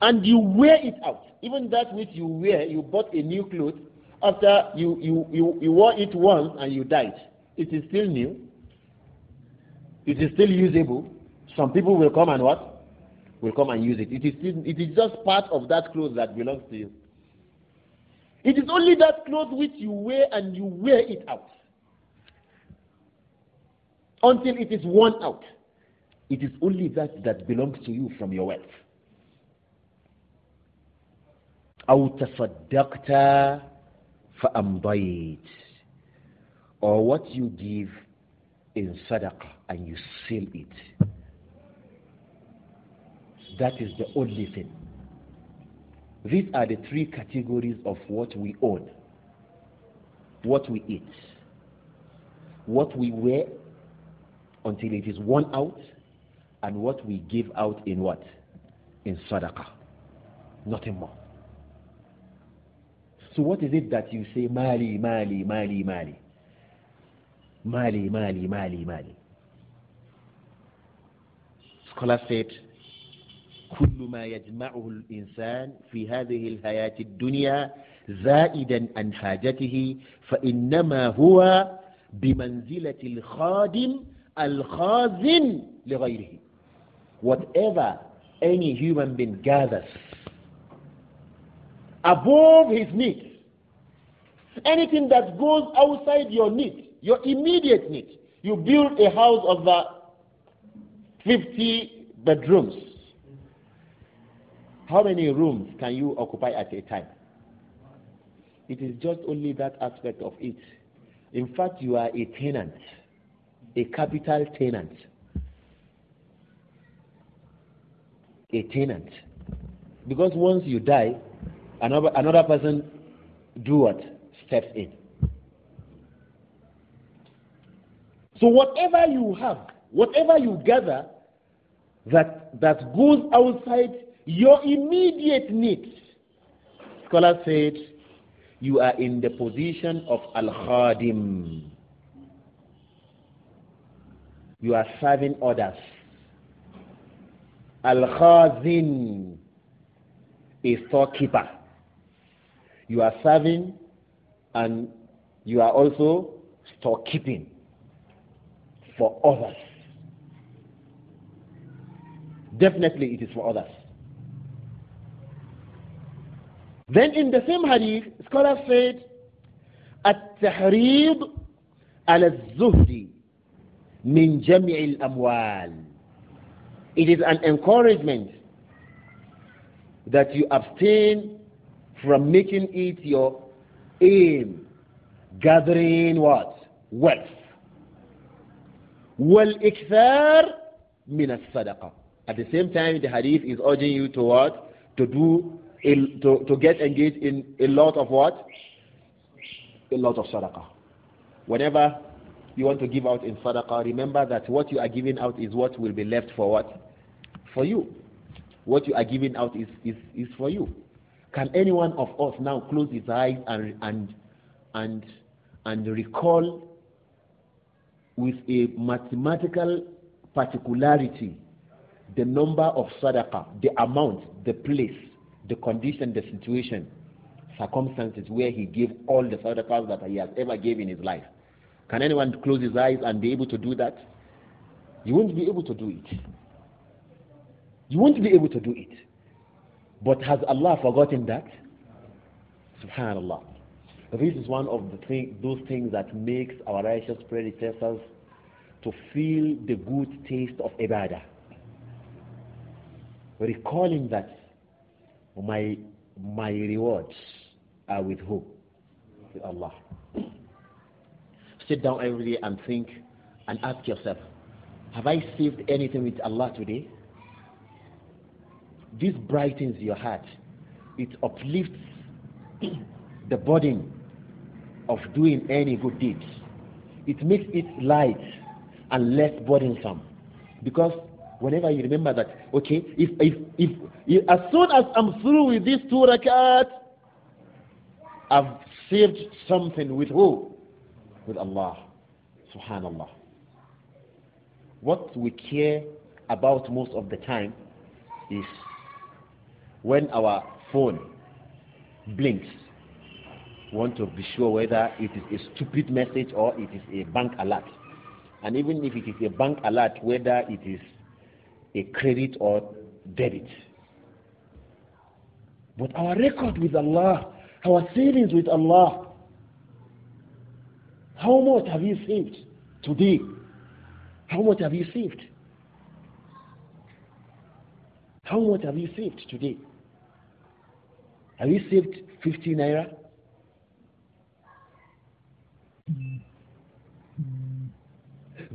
and you wear it out. Even that which you wear, you bought a new cloth, after you, you, you, you wore it once and you died. It is still new. It is still usable. Some people will come and what? Will come and use it. It is, still, it is just part of that clothes that belongs to you. It is only that clothes which you wear and you wear it out until it is worn out. It is only that that belongs to you from your wealth. أو تصدقت فأمضيت or what you give in sadaqah and you seal it that is the only thing these are the three categories of what we own what we eat what we wear until it is worn out and what we give out in what in sadaqah nothing more so what is it that you say, Mali, Mali, Mali, Mali? Mali, Mali, Mali, Mali. Scholar said, كل ما يجمعه الإنسان في هذه الحياة الدنيا زائدا عن حاجته فإنما هو بمنزلة الخادم الخازن لغيره whatever any human being gathers above his needs. Anything that goes outside your need, your immediate need, you build a house of uh, 50 bedrooms. How many rooms can you occupy at a time? It is just only that aspect of it. In fact, you are a tenant, a capital tenant. A tenant. Because once you die, another, another person do what? Steps in. So whatever you have, whatever you gather that, that goes outside your immediate needs, scholar said, you are in the position of al-khadim. You are serving others. Al-khazin is storekeeper. You are serving and you are also storekeeping for others. Definitely it is for others. Then in the same hadith, scholars said, التحريض على الزهد من al-amwal." الأموال. It is an encouragement that you abstain from making it your aim, gathering what? Wealth. وَالْإِكْثَارِ مِنَ الصَّدَقَةِ At the same time, the hadith is urging you to what? To do, to, to get engaged in a lot of what? A lot of sadaqah. Whenever you want to give out in sadaqah, remember that what you are giving out is what will be left for what? For you. What you are giving out is, is, is for you. Can any one of us now close his eyes and, and, and, and recall with a mathematical particularity the number of sadaqah, the amount, the place, the condition, the situation, circumstances where he gave all the sadaqahs that he has ever gave in his life? Can anyone close his eyes and be able to do that? You won't be able to do it. You won't be able to do it. But has Allah forgotten that? Subhanallah. This is one of the thing, those things that makes our righteous predecessors to feel the good taste of ibadah. Recalling that my, my rewards are with who? With Allah. Sit down every day and think and ask yourself, have I saved anything with Allah today? This brightens your heart. It uplifts the burden of doing any good deed. It makes it light and less burdensome. Because whenever you remember that, okay, if, if, if, if as soon as I'm through with these two rakat, I've saved something with who? With Allah. Subhanallah. What we care about most of the time is when our phone blinks, we want to be sure whether it is a stupid message or it is a bank alert. And even if it is a bank alert, whether it is a credit or debit. But our record with Allah, our savings with Allah, how much have you saved today? How much have you saved? How much have you saved today? Have you saved 50 naira?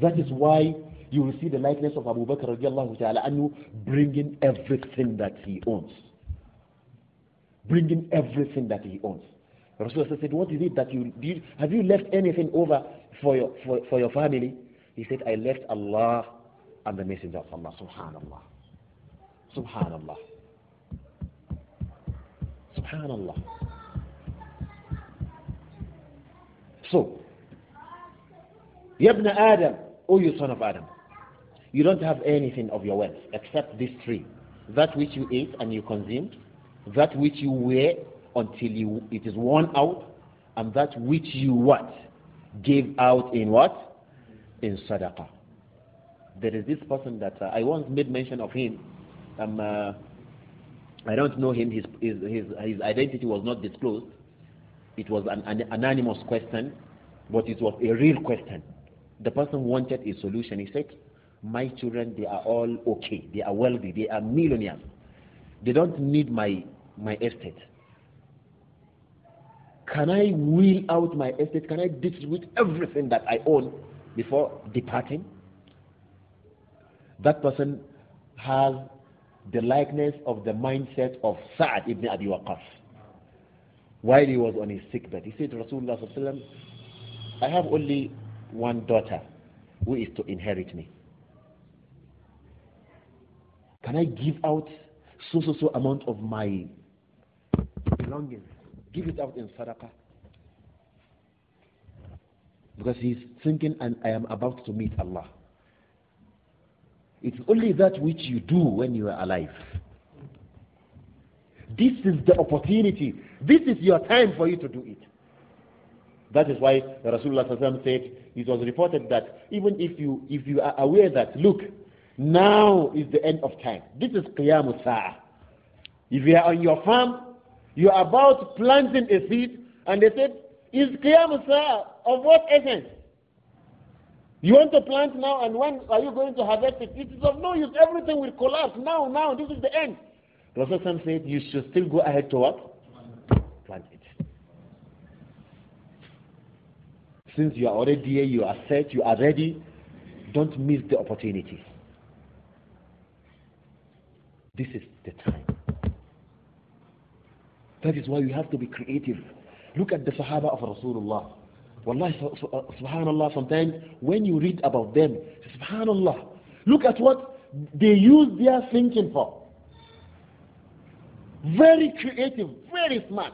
That is why you will see the likeness of Abu Bakr radiallahu anhu bringing everything that he owns. Bringing everything that he owns. Rasulullah said, what is it that you, did? have you left anything over for your, for, for your family? He said, I left Allah and the Messenger of Allah. Subhanallah. Subhanallah. Subhanallah. So, Yabna Adam, O you son of Adam, you don't have anything of your wealth except this tree, that which you ate and you consumed, that which you wear until you, it is worn out, and that which you what? Gave out in what? In sadaqah. There is this person that uh, I once made mention of him. Um, uh, I don't know him. His, his, his, his identity was not disclosed. It was an, an anonymous question, but it was a real question. The person wanted a solution. He said, My children, they are all okay. They are wealthy. They are millionaires. They don't need my, my estate. Can I wheel out my estate? Can I distribute everything that I own before departing? That person has the likeness of the mindset of Sa'ad ibn Abi Waqqas while he was on his sickbed. He said Rasulullah sallallahu I have only one daughter who is to inherit me. Can I give out so so so amount of my belongings? Give it out in sadaqah. Because he's thinking and I am about to meet Allah. It's only that which you do when you are alive. This is the opportunity. This is your time for you to do it. That is why Rasulullah said, it was reported that even if you, if you are aware that, look, now is the end of time. This is Qiyamul Sa'ah. If you are on your farm, you are about planting a seed, and they said, is Qiyamul Sa'ah of what essence? You want to plant now, and when are you going to harvest it? It is of no use. Everything will collapse now, now. This is the end. Rasulullah said, You should still go ahead to what? Plant it. Since you are already here, you are set, you are ready, don't miss the opportunity. This is the time. That is why you have to be creative. Look at the Sahaba of Rasulullah. Wallahi, uh, subhanallah, sometimes when you read about them, subhanallah, look at what they use their thinking for. Very creative, very smart.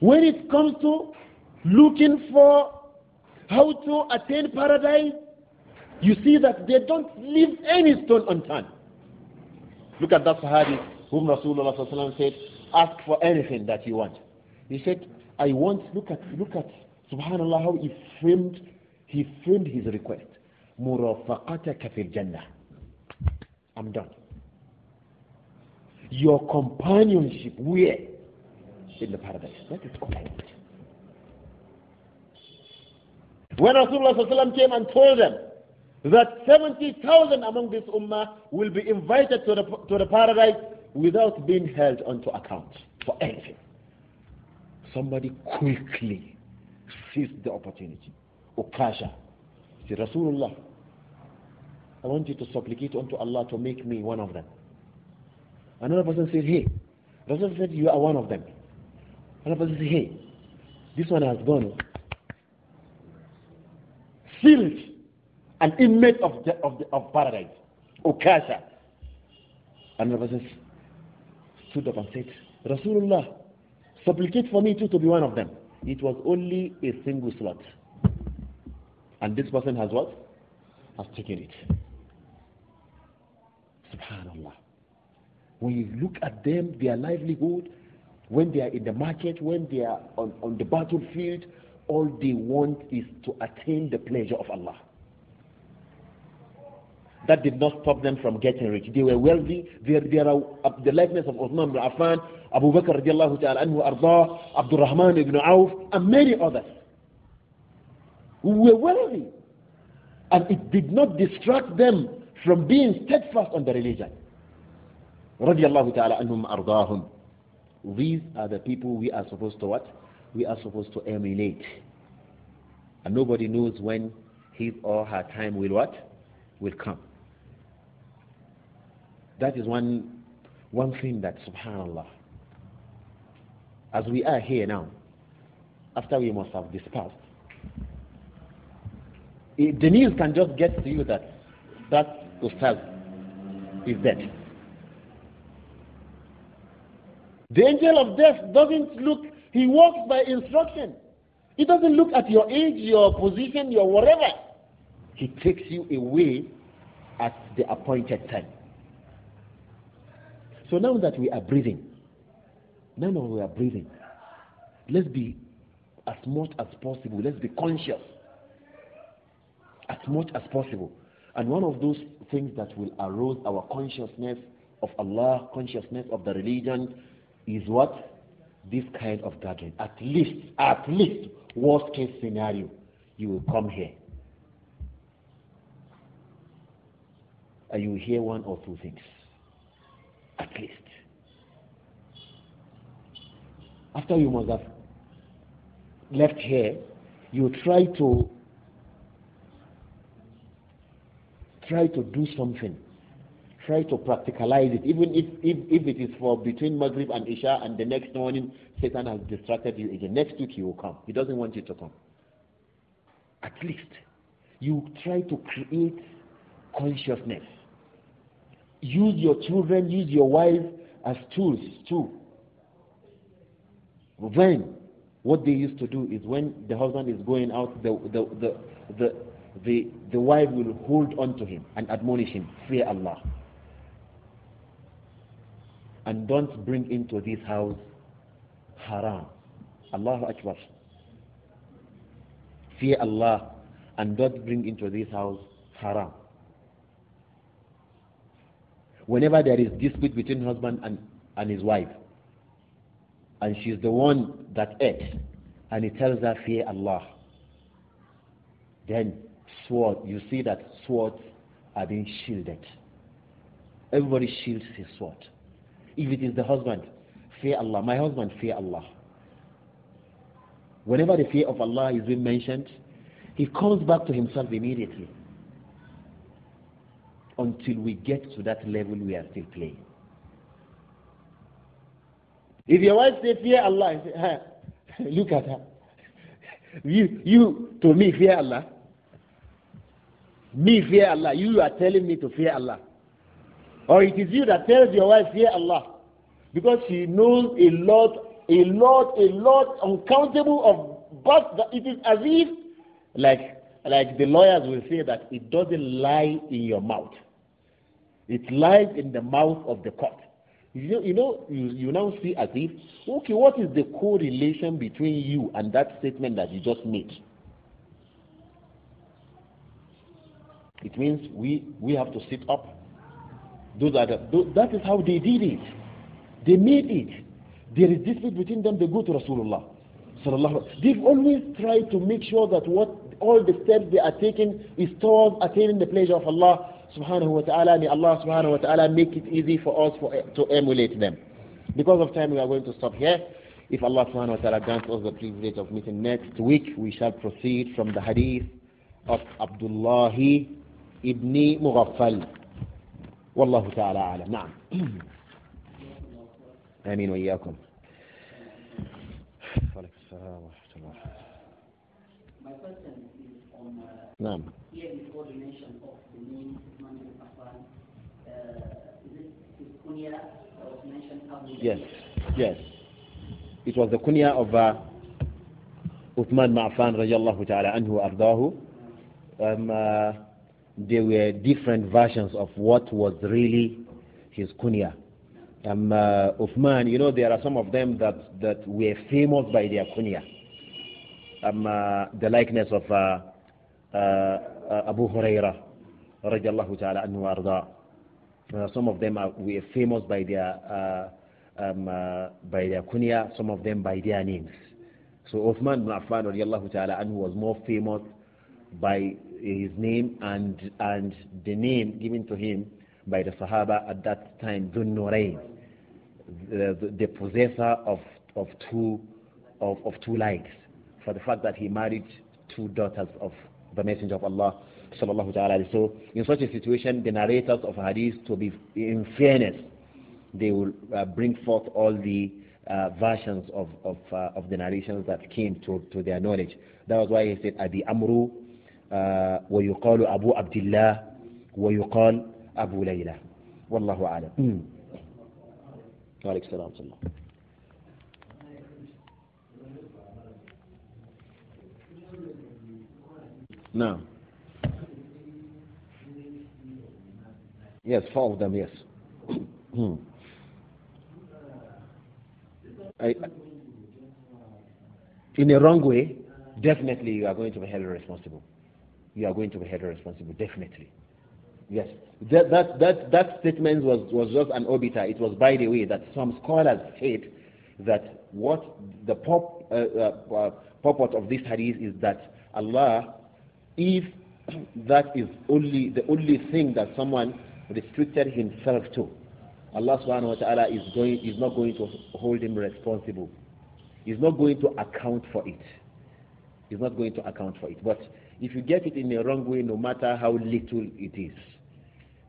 When it comes to looking for how to attain paradise, you see that they don't leave any stone unturned. Look at that Sahabi whom Rasulullah said, ask for anything that you want. He said, I want, look at, look at, subhanAllah, how he framed, he framed his request. مرافقتك في jannah. I'm done. Your companionship, where? In the paradise. That is commitment. When Rasulullah came and told them that 70,000 among this ummah will be invited to the, to the paradise without being held onto account for anything somebody quickly seized the opportunity. Ukasha. Say, Rasulullah, I want you to supplicate unto Allah to make me one of them. Another person said, Hey, Rasul said, You are one of them. Another person said, Hey, this one has gone. Sealed, an inmate of, the, of, the, of paradise, Ukasha. Another person stood up and said, Rasulullah, Supplicate for me too to be one of them. It was only a single slot. And this person has what? Has taken it. Subhanallah. When you look at them, their livelihood, when they are in the market, when they are on, on the battlefield, all they want is to attain the pleasure of Allah that did not stop them from getting rich. They were wealthy. They, they are uh, the likeness of Uthman ibn Affan, Abu Bakr radiallahu ta'ala anhu arda, Abdurrahman, Rahman ibn Auf, and many others. who were wealthy. And it did not distract them from being steadfast on the religion. Radiallahu ta'ala anhum ardahum. These are the people we are supposed to what? We are supposed to emulate. And nobody knows when his or her time will what? Will come. That is one, one thing that, subhanAllah, as we are here now, after we must have dispersed, eh, the news can just get to you that that Ustaz is dead. The angel of death doesn't look, he walks by instruction. He doesn't look at your age, your position, your whatever. He takes you away at the appointed time. So now that we are breathing, now that we are breathing, let's be as much as possible, let's be conscious as much as possible. And one of those things that will arouse our consciousness of Allah, consciousness of the religion, is what? This kind of gathering. At least, at least, worst case scenario, you will come here. And you will hear one or two things at least. After you must have left here, you try to try to do something. Try to practicalize it, even if, if, if it is for between Maghrib and Isha and the next morning Satan has distracted you again. Next week he will come. He doesn't want you to come. At least you try to create consciousness Use your children, use your wife as tools too. Then, what they used to do is when the husband is going out, the, the, the, the, the, the wife will hold on to him and admonish him, fear Allah. And don't bring into this house haram. Allahu Akbar. Fear Allah and don't bring into this house haram whenever there is dispute between husband and, and his wife, and she's the one that ate, and he tells her, Fear Allah. Then sword, you see that swords are being shielded. Everybody shields his sword. If it is the husband, fear Allah. My husband, fear Allah. Whenever the fear of Allah is being mentioned, he comes back to himself immediately until we get to that level we are still playing. If your wife says, fear Allah, say, *laughs* look at her. *laughs* You, you, to me, fear Allah. Me, fear Allah. You are telling me to fear Allah. Or it is you that tells your wife, fear Allah. Because she knows a lot, a lot, a lot, uncountable of but it is as if, like, like the lawyers will say that it doesn't lie in your mouth. It lies in the mouth of the court. You know, you, know, you, you now see as if, okay, what is the correlation between you and that statement that you just made? It means we, we have to sit up. Those are the, that is how they did it. They made it. There is dispute between them, they go to Rasulullah. They've always tried to make sure that what all the steps they are taking is towards attaining the pleasure of Allah subhanahu wa ta'ala, may Allah subhanahu wa ta'ala make it easy for us for, to emulate them. Because of time, we are going to stop here. If Allah subhanahu wa ta'ala grants us the privilege of meeting next week, we shall proceed from the hadith of Abdullah ibn Mughaffal. والله تعالى أعلم نعم آمين وإياكم وعليكم السلام ورحمة الله نعم Yes, yes. It was the kunya of uh, Uthman Ma'afan, radiallahu ta'ala anhu ardahu. Um, uh, there were different versions of what was really his kunya. Um, uh, Uthman, you know, there are some of them that, that were famous by their kunya. Um, uh, the likeness of uh, uh, uh Abu Huraira, radiallahu ta'ala anhu arda. Uh, some of them are, were famous by their uh, um, uh, by their kunya, some of them by their names. So Uthman bin Affan radiallahu ta'ala anhu was more famous by his name and and the name given to him by the Sahaba at that time, Dhun the, the, possessor of, of two of, of two lights, for the fact that he married two daughters of the Messenger of Allah sallallahu ta'ala. So in such a situation, the narrators of hadith, to be in fairness, they will uh, bring forth all the uh, versions of, of, uh, of the narrations that came to, to their knowledge. That was why he said, Abi Amru, uh, wa yuqalu Abu Abdullah wa yuqal Abu Layla." Wallahu وعليكم السلام ورحمة Yes, four of them, yes. Hmm. I, in a wrong way, definitely you are going to be held responsible. You are going to be held responsible, definitely. Yes, that, that, that, that statement was, was just an obiter. It was by the way that some scholars said that what the pop, uh, uh, uh, purport of this hadith is that Allah, if that is only the only thing that someone restricted himself to, Allah subhanahu wa ta'ala is, going, is not going to hold him responsible. He's not going to account for it. He's not going to account for it. But if you get it in the wrong way, no matter how little it is,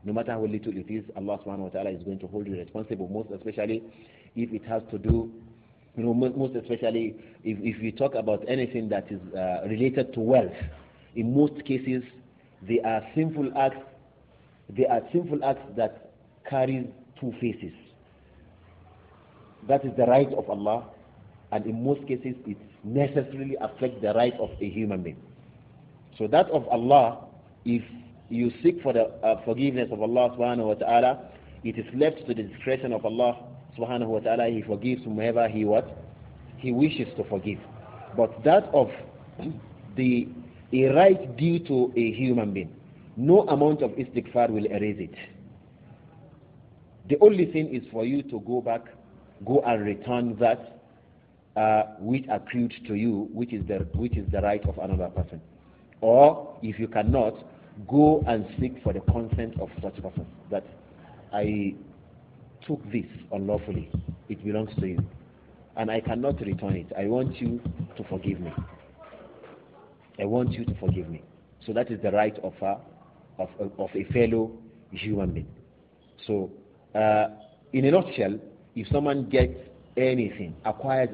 no matter how little it is, Allah subhanahu wa ta'ala is going to hold you responsible, most especially if it has to do, you know, most especially if, if you talk about anything that is uh, related to wealth. In most cases, they are sinful acts they are sinful acts that carry two faces. That is the right of Allah, and in most cases, it necessarily affects the right of a human being. So that of Allah, if you seek for the uh, forgiveness of Allah subhanahu wa ta'ala, it is left to the discretion of Allah subhanahu wa ta'ala. He forgives whomever he what? He wishes to forgive. But that of *clears throat* the a right due to a human being, no amount of istighfar will erase it. The only thing is for you to go back, go and return that uh, which accrued to you, which is, the, which is the right of another person. Or, if you cannot, go and seek for the consent of such person that I took this unlawfully. It belongs to you. And I cannot return it. I want you to forgive me. I want you to forgive me. So that is the right of her of a, of a fellow human being. So, uh, in a nutshell, if someone gets anything, acquires